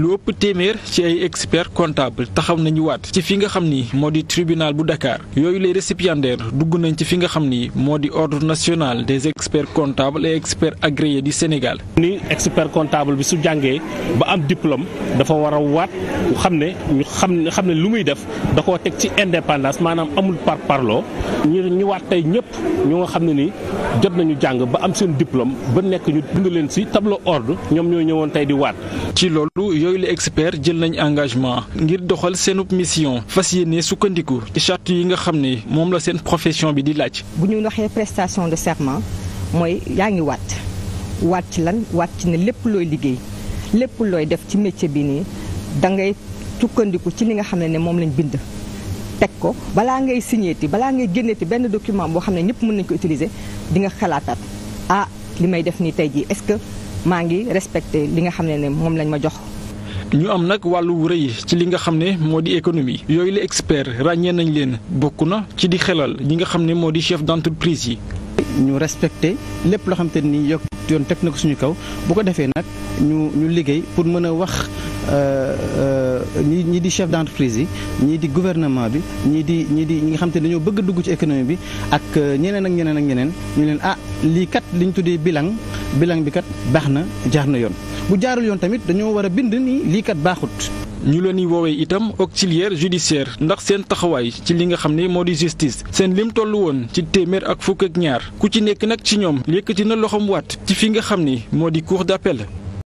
lu ëpp téeméer ci ay expert comptable taxaw nañu waat ci fi nga xam ni moo di tribunal bu Dakar yooyu les récipiendaires dugg nañ ci fi nga xam ni moo di ordre national des experts comptables et experts agréés di Sénégal. ni expert comptable bi su jàngee ba am diplôme dafa war a waat xam ne ñu xam xam ne lu muy def da koo teg ci indépendance maanaam amul par parloo ñu ñu waat tey ñëpp ñu nga xam ne ni jot nañu jàng ba am seen diplôme ba nekk ñu bind leen ci tableau ordre ñoom ñoo ñëwoon tey di waat. ci loolu yooyu la expert jël nañu engagement ngir doxal seenub mission fas yéene sukkandiku ci charte yi nga xam ne moom la seen profession bi di laaj. bu ñu waxee prestation de serment mooy yaa ngi waat waat ci lan waat ci ne lépp looy liggéey lépp looy def ci métier bi nii da ngay sukkandiku ci li nga xam ne ne moom lañ bind. teg ko balaa ngay signéeti balaa ngay génneeti benn document boo xam ne ñëpp mën nañu ko utiliser di nga xalaataat ah li may def nii tey jii est-ce que maa ngi respecté li nga xam ne ne moom lañ ma jox. ñu am nag wàllu wu rëy ci li nga xam ne moo di économie yooyu la expert ràññee nañ leen bokk na ci di xelal ñi nga xam ne moo di chef d'entreprise yi. ñu respecté lépp loo xam te ni yokk yoon teg na ko suñu kaw bu ko defee nag ñu ñu liggéey pour mën a wax. Euh, euh, ñii ñi di chef d'entreprise yi ñii di gouvernement bi ñii di ñii di ñi nga xam te dañoo bëgg dugg ci économie bi ak euh, ñeneen ak ñeneen ak ñeneen ñu leen ah lii kat li ñu tuddee bilang bilan bi kat baax na jaar na yoon bu jaarul yoon tamit dañoo war a bind ni lii kat baaxut. ñu leen di woowee itam auxiliaire judiciaire ndax seen taxawaay ci li nga xam ne moo di justice seen lim toll woon ci téeméer ak fukk ak ñaar ku ci nekk nag ci ñoom yëkkati na loxoom waat ci fi nga xam ni moo di cour d'appel.